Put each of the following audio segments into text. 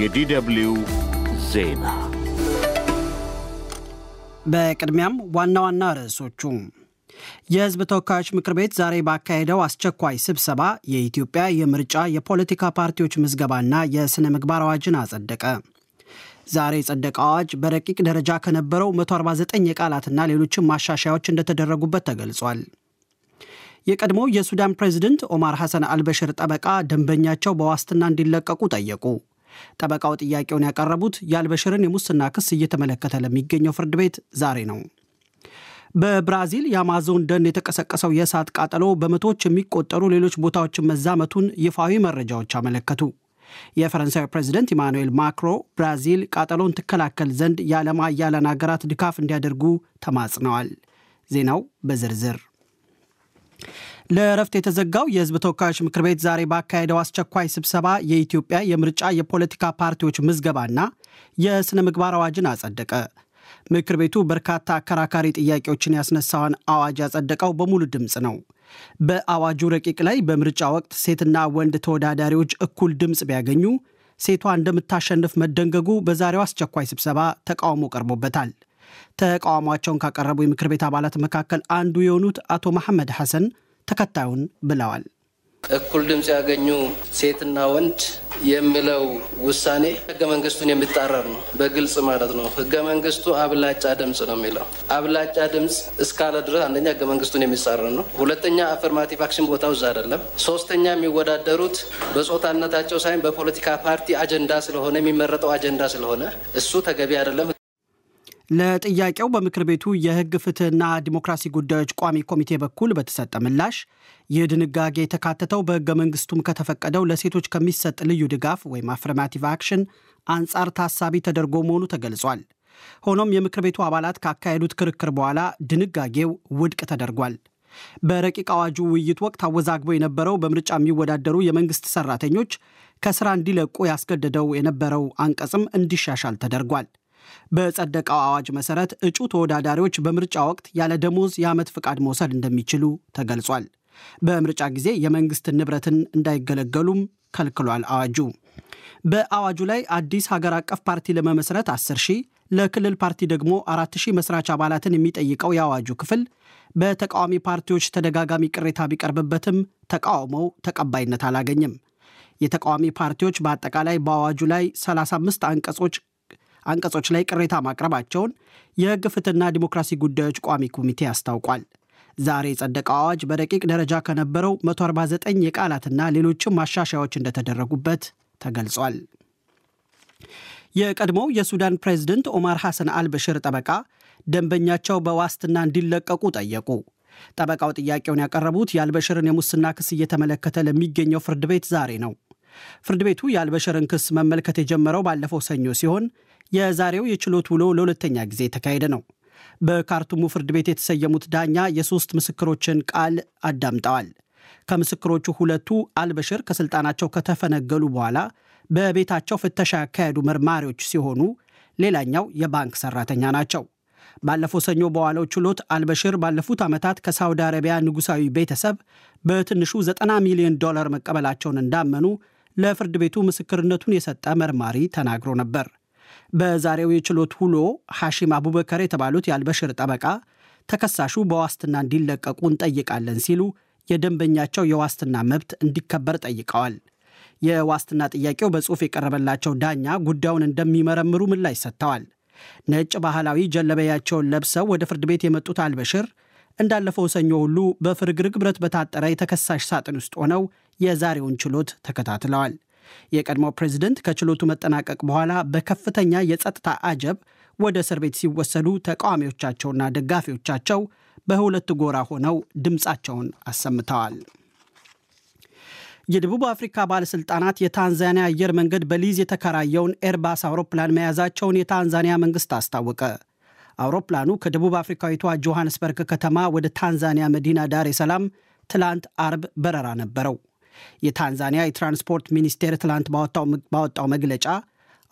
የዲደብልዩ ዜና በቅድሚያም ዋና ዋና ርዕሶቹ የሕዝብ ተወካዮች ምክር ቤት ዛሬ ባካሄደው አስቸኳይ ስብሰባ የኢትዮጵያ የምርጫ የፖለቲካ ፓርቲዎች ምዝገባና የሥነ ምግባር አዋጅን አጸደቀ። ዛሬ የጸደቀ አዋጅ በረቂቅ ደረጃ ከነበረው 149 የቃላትና ሌሎችም ማሻሻያዎች እንደተደረጉበት ተገልጿል። የቀድሞው የሱዳን ፕሬዝደንት ኦማር ሐሰን አልበሽር ጠበቃ ደንበኛቸው በዋስትና እንዲለቀቁ ጠየቁ። ጠበቃው ጥያቄውን ያቀረቡት የአልበሽርን የሙስና ክስ እየተመለከተ ለሚገኘው ፍርድ ቤት ዛሬ ነው። በብራዚል የአማዞን ደን የተቀሰቀሰው የእሳት ቃጠሎ በመቶዎች የሚቆጠሩ ሌሎች ቦታዎችን መዛመቱን ይፋዊ መረጃዎች አመለከቱ። የፈረንሳዊ ፕሬዚደንት ኢማኑኤል ማክሮ ብራዚል ቃጠሎን ትከላከል ዘንድ የዓለም አያለን ሀገራት ድጋፍ እንዲያደርጉ ተማጽነዋል። ዜናው በዝርዝር ለእረፍት የተዘጋው የህዝብ ተወካዮች ምክር ቤት ዛሬ ባካሄደው አስቸኳይ ስብሰባ የኢትዮጵያ የምርጫ የፖለቲካ ፓርቲዎች ምዝገባና የሥነ ምግባር አዋጅን አጸደቀ። ምክር ቤቱ በርካታ አከራካሪ ጥያቄዎችን ያስነሳውን አዋጅ ያጸደቀው በሙሉ ድምፅ ነው። በአዋጁ ረቂቅ ላይ በምርጫ ወቅት ሴትና ወንድ ተወዳዳሪዎች እኩል ድምፅ ቢያገኙ ሴቷ እንደምታሸንፍ መደንገጉ በዛሬው አስቸኳይ ስብሰባ ተቃውሞ ቀርቦበታል። ተቃውሟቸውን ካቀረቡ የምክር ቤት አባላት መካከል አንዱ የሆኑት አቶ መሐመድ ሐሰን ተከታዩን ብለዋል። እኩል ድምፅ ያገኙ ሴትና ወንድ የሚለው ውሳኔ ህገ መንግስቱን የሚጣረር ነው። በግልጽ ማለት ነው። ህገ መንግስቱ አብላጫ ድምፅ ነው የሚለው። አብላጫ ድምፅ እስካለ ድረስ አንደኛ ህገ መንግስቱን የሚጻረር ነው። ሁለተኛ አፈርማቲቭ አክሽን ቦታው እዛ አይደለም። ሶስተኛ የሚወዳደሩት በጾታነታቸው ሳይሆን በፖለቲካ ፓርቲ አጀንዳ ስለሆነ የሚመረጠው አጀንዳ ስለሆነ እሱ ተገቢ አይደለም። ለጥያቄው በምክር ቤቱ የህግ ፍትህና ዲሞክራሲ ጉዳዮች ቋሚ ኮሚቴ በኩል በተሰጠ ምላሽ ይህ ድንጋጌ የተካተተው በህገ መንግስቱም ከተፈቀደው ለሴቶች ከሚሰጥ ልዩ ድጋፍ ወይም አፍርማቲቭ አክሽን አንጻር ታሳቢ ተደርጎ መሆኑ ተገልጿል። ሆኖም የምክር ቤቱ አባላት ካካሄዱት ክርክር በኋላ ድንጋጌው ውድቅ ተደርጓል። በረቂቅ አዋጁ ውይይት ወቅት አወዛግቦ የነበረው በምርጫ የሚወዳደሩ የመንግስት ሰራተኞች ከስራ እንዲለቁ ያስገደደው የነበረው አንቀጽም እንዲሻሻል ተደርጓል። በጸደቀው አዋጅ መሰረት እጩ ተወዳዳሪዎች በምርጫ ወቅት ያለ ደሞዝ የዓመት ፍቃድ መውሰድ እንደሚችሉ ተገልጿል። በምርጫ ጊዜ የመንግስት ንብረትን እንዳይገለገሉም ከልክሏል አዋጁ። በአዋጁ ላይ አዲስ ሀገር አቀፍ ፓርቲ ለመመስረት 10 ሺህ ለክልል ፓርቲ ደግሞ 4 ሺህ መስራች አባላትን የሚጠይቀው የአዋጁ ክፍል በተቃዋሚ ፓርቲዎች ተደጋጋሚ ቅሬታ ቢቀርብበትም ተቃውሞው ተቀባይነት አላገኝም። የተቃዋሚ ፓርቲዎች በአጠቃላይ በአዋጁ ላይ 35 አንቀጾች አንቀጾች ላይ ቅሬታ ማቅረባቸውን የህግ ፍትና ዲሞክራሲ ጉዳዮች ቋሚ ኮሚቴ አስታውቋል። ዛሬ የጸደቀው አዋጅ በረቂቅ ደረጃ ከነበረው 149 የቃላትና ሌሎችም ማሻሻያዎች እንደተደረጉበት ተገልጿል። የቀድሞው የሱዳን ፕሬዝደንት ኦማር ሐሰን አልበሽር ጠበቃ ደንበኛቸው በዋስትና እንዲለቀቁ ጠየቁ። ጠበቃው ጥያቄውን ያቀረቡት የአልበሽርን የሙስና ክስ እየተመለከተ ለሚገኘው ፍርድ ቤት ዛሬ ነው። ፍርድ ቤቱ የአልበሽርን ክስ መመልከት የጀመረው ባለፈው ሰኞ ሲሆን የዛሬው የችሎት ውሎ ለሁለተኛ ጊዜ የተካሄደ ነው። በካርቱሙ ፍርድ ቤት የተሰየሙት ዳኛ የሶስት ምስክሮችን ቃል አዳምጠዋል። ከምስክሮቹ ሁለቱ አልበሽር ከስልጣናቸው ከተፈነገሉ በኋላ በቤታቸው ፍተሻ ያካሄዱ መርማሪዎች ሲሆኑ ሌላኛው የባንክ ሰራተኛ ናቸው። ባለፈው ሰኞ በዋለው ችሎት አልበሽር ባለፉት ዓመታት ከሳውዲ አረቢያ ንጉሳዊ ቤተሰብ በትንሹ 90 ሚሊዮን ዶላር መቀበላቸውን እንዳመኑ ለፍርድ ቤቱ ምስክርነቱን የሰጠ መርማሪ ተናግሮ ነበር። በዛሬው የችሎት ውሎ ሐሺም አቡበከር የተባሉት የአልበሽር ጠበቃ ተከሳሹ በዋስትና እንዲለቀቁ እንጠይቃለን ሲሉ የደንበኛቸው የዋስትና መብት እንዲከበር ጠይቀዋል። የዋስትና ጥያቄው በጽሑፍ የቀረበላቸው ዳኛ ጉዳዩን እንደሚመረምሩ ምላሽ ሰጥተዋል። ነጭ ባህላዊ ጀለበያቸውን ለብሰው ወደ ፍርድ ቤት የመጡት አልበሽር እንዳለፈው ሰኞ ሁሉ በፍርግርግ ብረት በታጠረ የተከሳሽ ሳጥን ውስጥ ሆነው የዛሬውን ችሎት ተከታትለዋል። የቀድሞው ፕሬዝደንት ከችሎቱ መጠናቀቅ በኋላ በከፍተኛ የጸጥታ አጀብ ወደ እስር ቤት ሲወሰዱ ተቃዋሚዎቻቸውና ደጋፊዎቻቸው በሁለት ጎራ ሆነው ድምፃቸውን አሰምተዋል። የደቡብ አፍሪካ ባለሥልጣናት የታንዛኒያ አየር መንገድ በሊዝ የተከራየውን ኤርባስ አውሮፕላን መያዛቸውን የታንዛኒያ መንግሥት አስታወቀ። አውሮፕላኑ ከደቡብ አፍሪካዊቷ ጆሐንስበርግ ከተማ ወደ ታንዛኒያ መዲና ዳር የሰላም ትላንት አርብ በረራ ነበረው። የታንዛኒያ የትራንስፖርት ሚኒስቴር ትላንት ባወጣው መግለጫ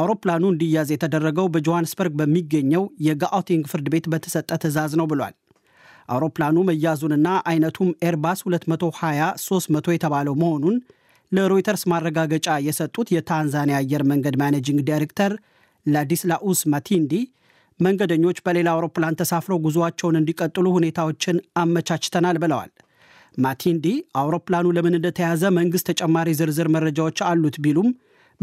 አውሮፕላኑ እንዲያዝ የተደረገው በጆሃንስበርግ በሚገኘው የጋኦቲንግ ፍርድ ቤት በተሰጠ ትዕዛዝ ነው ብሏል። አውሮፕላኑ መያዙንና አይነቱም ኤርባስ 220 300 የተባለው መሆኑን ለሮይተርስ ማረጋገጫ የሰጡት የታንዛኒያ አየር መንገድ ማኔጂንግ ዳይሬክተር ላዲስላኡስ ማቲንዲ መንገደኞች በሌላ አውሮፕላን ተሳፍረው ጉዞአቸውን እንዲቀጥሉ ሁኔታዎችን አመቻችተናል ብለዋል። ማቲንዲ አውሮፕላኑ ለምን እንደተያዘ መንግሥት ተጨማሪ ዝርዝር መረጃዎች አሉት ቢሉም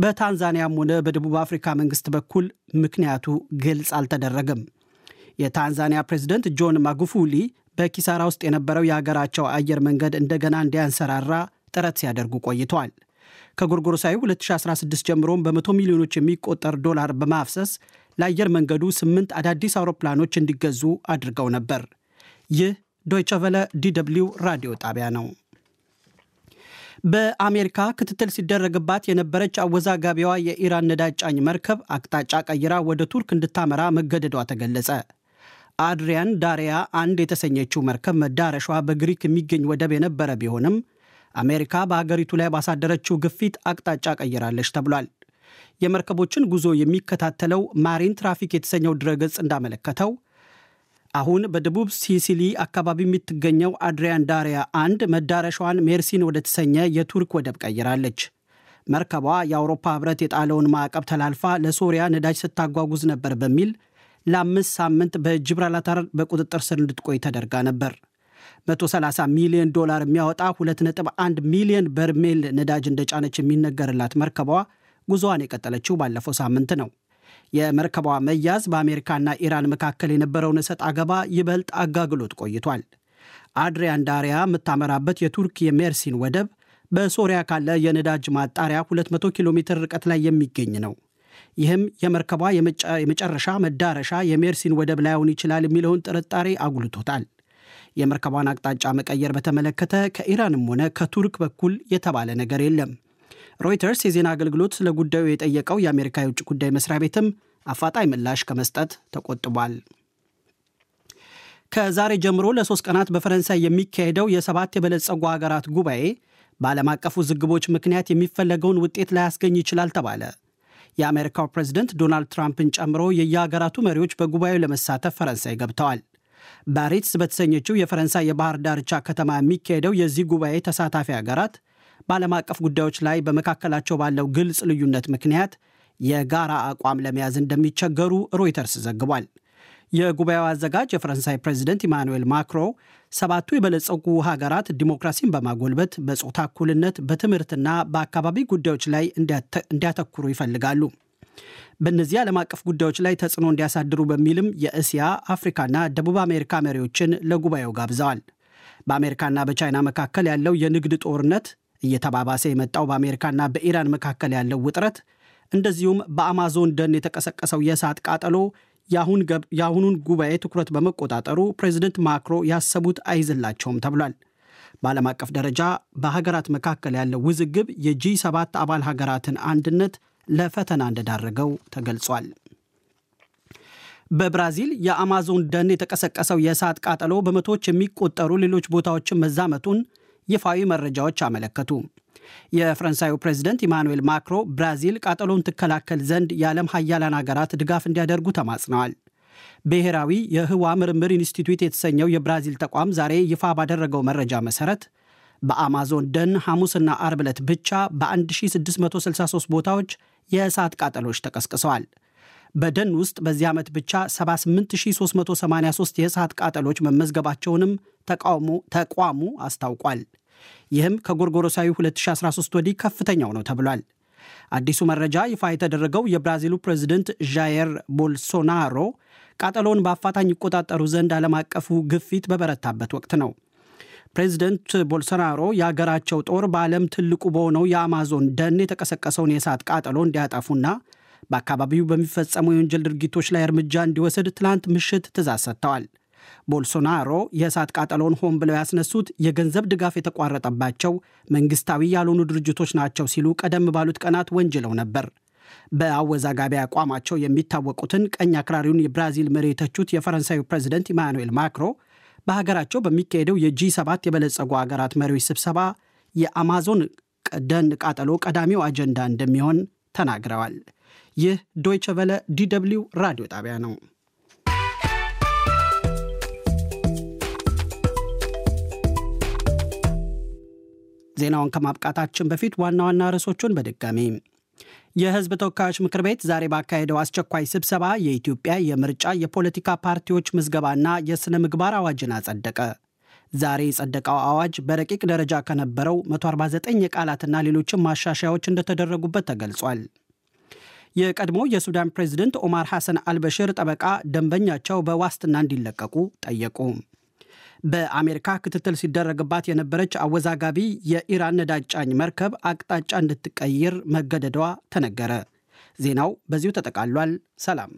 በታንዛኒያም ሆነ በደቡብ አፍሪካ መንግሥት በኩል ምክንያቱ ግልጽ አልተደረገም። የታንዛኒያ ፕሬዝደንት ጆን ማጉፉሊ በኪሳራ ውስጥ የነበረው የሀገራቸው አየር መንገድ እንደገና እንዲያንሰራራ ጥረት ሲያደርጉ ቆይተዋል። ከጎርጎሮሳዊ 2016 ጀምሮም በመቶ ሚሊዮኖች የሚቆጠር ዶላር በማፍሰስ ለአየር መንገዱ ስምንት አዳዲስ አውሮፕላኖች እንዲገዙ አድርገው ነበር። ይህ ዶይቸቨለ ዲደብሊው ራዲዮ ጣቢያ ነው። በአሜሪካ ክትትል ሲደረግባት የነበረች አወዛጋቢዋ የኢራን ነዳጅ ጫኝ መርከብ አቅጣጫ ቀይራ ወደ ቱርክ እንድታመራ መገደዷ ተገለጸ። አድሪያን ዳሪያ አንድ የተሰኘችው መርከብ መዳረሿ በግሪክ የሚገኝ ወደብ የነበረ ቢሆንም አሜሪካ በአገሪቱ ላይ ባሳደረችው ግፊት አቅጣጫ ቀይራለች ተብሏል። የመርከቦችን ጉዞ የሚከታተለው ማሪን ትራፊክ የተሰኘው ድረገጽ እንዳመለከተው አሁን በደቡብ ሲሲሊ አካባቢ የምትገኘው አድሪያን ዳሪያ አንድ መዳረሻዋን ሜርሲን ወደተሰኘ የቱርክ ወደብ ቀይራለች። መርከቧ የአውሮፓ ህብረት የጣለውን ማዕቀብ ተላልፋ ለሶሪያ ነዳጅ ስታጓጉዝ ነበር በሚል ለአምስት ሳምንት በጂብራልታር በቁጥጥር ስር እንድትቆይ ተደርጋ ነበር። 130 ሚሊዮን ዶላር የሚያወጣ 2.1 ሚሊዮን በርሜል ነዳጅ እንደጫነች የሚነገርላት መርከቧ ጉዞዋን የቀጠለችው ባለፈው ሳምንት ነው። የመርከቧ መያዝ በአሜሪካና ኢራን መካከል የነበረውን እሰጥ አገባ ይበልጥ አጋግሎት ቆይቷል። አድሪያን ዳሪያ የምታመራበት የቱርክ የሜርሲን ወደብ በሶሪያ ካለ የነዳጅ ማጣሪያ 200 ኪሎ ሜትር ርቀት ላይ የሚገኝ ነው። ይህም የመርከቧ የመጨረሻ መዳረሻ የሜርሲን ወደብ ላይሆን ይችላል የሚለውን ጥርጣሬ አጉልቶታል። የመርከቧን አቅጣጫ መቀየር በተመለከተ ከኢራንም ሆነ ከቱርክ በኩል የተባለ ነገር የለም። ሮይተርስ የዜና አገልግሎት ለጉዳዩ የጠየቀው የአሜሪካ የውጭ ጉዳይ መስሪያ ቤትም አፋጣኝ ምላሽ ከመስጠት ተቆጥቧል። ከዛሬ ጀምሮ ለሶስት ቀናት በፈረንሳይ የሚካሄደው የሰባት የበለጸጉ ሀገራት ጉባኤ በዓለም አቀፉ ዝግቦች ምክንያት የሚፈለገውን ውጤት ላያስገኝ ይችላል ተባለ። የአሜሪካው ፕሬዝደንት ዶናልድ ትራምፕን ጨምሮ የየሀገራቱ መሪዎች በጉባኤው ለመሳተፍ ፈረንሳይ ገብተዋል። ባሪትስ በተሰኘችው የፈረንሳይ የባህር ዳርቻ ከተማ የሚካሄደው የዚህ ጉባኤ ተሳታፊ ሀገራት በዓለም አቀፍ ጉዳዮች ላይ በመካከላቸው ባለው ግልጽ ልዩነት ምክንያት የጋራ አቋም ለመያዝ እንደሚቸገሩ ሮይተርስ ዘግቧል። የጉባኤው አዘጋጅ የፈረንሳይ ፕሬዚደንት ኢማኑኤል ማክሮ ሰባቱ የበለጸጉ ሀገራት ዲሞክራሲን በማጎልበት በጾታ እኩልነት፣ በትምህርትና በአካባቢ ጉዳዮች ላይ እንዲያተኩሩ ይፈልጋሉ። በእነዚህ ዓለም አቀፍ ጉዳዮች ላይ ተጽዕኖ እንዲያሳድሩ በሚልም የእስያ አፍሪካና ደቡብ አሜሪካ መሪዎችን ለጉባኤው ጋብዘዋል። በአሜሪካና በቻይና መካከል ያለው የንግድ ጦርነት እየተባባሰ የመጣው በአሜሪካና በኢራን መካከል ያለው ውጥረት እንደዚሁም በአማዞን ደን የተቀሰቀሰው የእሳት ቃጠሎ የአሁኑን ጉባኤ ትኩረት በመቆጣጠሩ ፕሬዚደንት ማክሮ ያሰቡት አይዝላቸውም ተብሏል። በዓለም አቀፍ ደረጃ በሀገራት መካከል ያለው ውዝግብ የጂ ሰባት አባል ሀገራትን አንድነት ለፈተና እንደዳረገው ተገልጿል። በብራዚል የአማዞን ደን የተቀሰቀሰው የእሳት ቃጠሎ በመቶዎች የሚቆጠሩ ሌሎች ቦታዎችን መዛመቱን ይፋዊ መረጃዎች አመለከቱ። የፈረንሳዩ ፕሬዝደንት ኢማኑኤል ማክሮ ብራዚል ቃጠሎን ትከላከል ዘንድ የዓለም ሀያላን ሀገራት ድጋፍ እንዲያደርጉ ተማጽነዋል። ብሔራዊ የህዋ ምርምር ኢንስቲትዩት የተሰኘው የብራዚል ተቋም ዛሬ ይፋ ባደረገው መረጃ መሠረት በአማዞን ደን ሐሙስና አርብ ዕለት ብቻ በ1663 ቦታዎች የእሳት ቃጠሎች ተቀስቅሰዋል። በደን ውስጥ በዚህ ዓመት ብቻ 78383 የእሳት ቃጠሎች መመዝገባቸውንም ተቋሙ አስታውቋል። ይህም ከጎርጎሮሳዊ 2013 ወዲህ ከፍተኛው ነው ተብሏል። አዲሱ መረጃ ይፋ የተደረገው የብራዚሉ ፕሬዝደንት ዣየር ቦልሶናሮ ቃጠሎውን በአፋታኝ ይቆጣጠሩ ዘንድ ዓለም አቀፉ ግፊት በበረታበት ወቅት ነው። ፕሬዚደንት ቦልሶናሮ የአገራቸው ጦር በዓለም ትልቁ በሆነው የአማዞን ደን የተቀሰቀሰውን የእሳት ቃጠሎ እንዲያጠፉና በአካባቢው በሚፈጸሙ የወንጀል ድርጊቶች ላይ እርምጃ እንዲወስድ ትላንት ምሽት ትእዛዝ ሰጥተዋል። ቦልሶናሮ የእሳት ቃጠሎውን ሆን ብለው ያስነሱት የገንዘብ ድጋፍ የተቋረጠባቸው መንግስታዊ ያልሆኑ ድርጅቶች ናቸው ሲሉ ቀደም ባሉት ቀናት ወንጅለው ነበር። በአወዛጋቢ አቋማቸው የሚታወቁትን ቀኝ አክራሪውን የብራዚል መሪ የተቹት የፈረንሳዩ ፕሬዚደንት ኢማኑኤል ማክሮ በሀገራቸው በሚካሄደው የጂ ሰባት የበለጸጉ ሀገራት መሪዎች ስብሰባ የአማዞን ደን ቃጠሎ ቀዳሚው አጀንዳ እንደሚሆን ተናግረዋል። ይህ ዶይቸ ቨለ ራዲዮ ጣቢያ ነው። ዜናውን ከማብቃታችን በፊት ዋና ዋና ርዕሶቹን በድጋሚ የህዝብ ተወካዮች ምክር ቤት ዛሬ ባካሄደው አስቸኳይ ስብሰባ የኢትዮጵያ የምርጫ የፖለቲካ ፓርቲዎች ምዝገባና የሥነ ምግባር አዋጅን አጸደቀ። ዛሬ የጸደቀው አዋጅ በረቂቅ ደረጃ ከነበረው 149 የቃላትና ሌሎችም ማሻሻያዎች እንደተደረጉበት ተገልጿል። የቀድሞ የሱዳን ፕሬዝደንት ኦማር ሐሰን አልበሽር ጠበቃ ደንበኛቸው በዋስትና እንዲለቀቁ ጠየቁ። በአሜሪካ ክትትል ሲደረግባት የነበረች አወዛጋቢ የኢራን ነዳጅ ጫኝ መርከብ አቅጣጫ እንድትቀይር መገደዷ ተነገረ። ዜናው በዚሁ ተጠቃሏል። ሰላም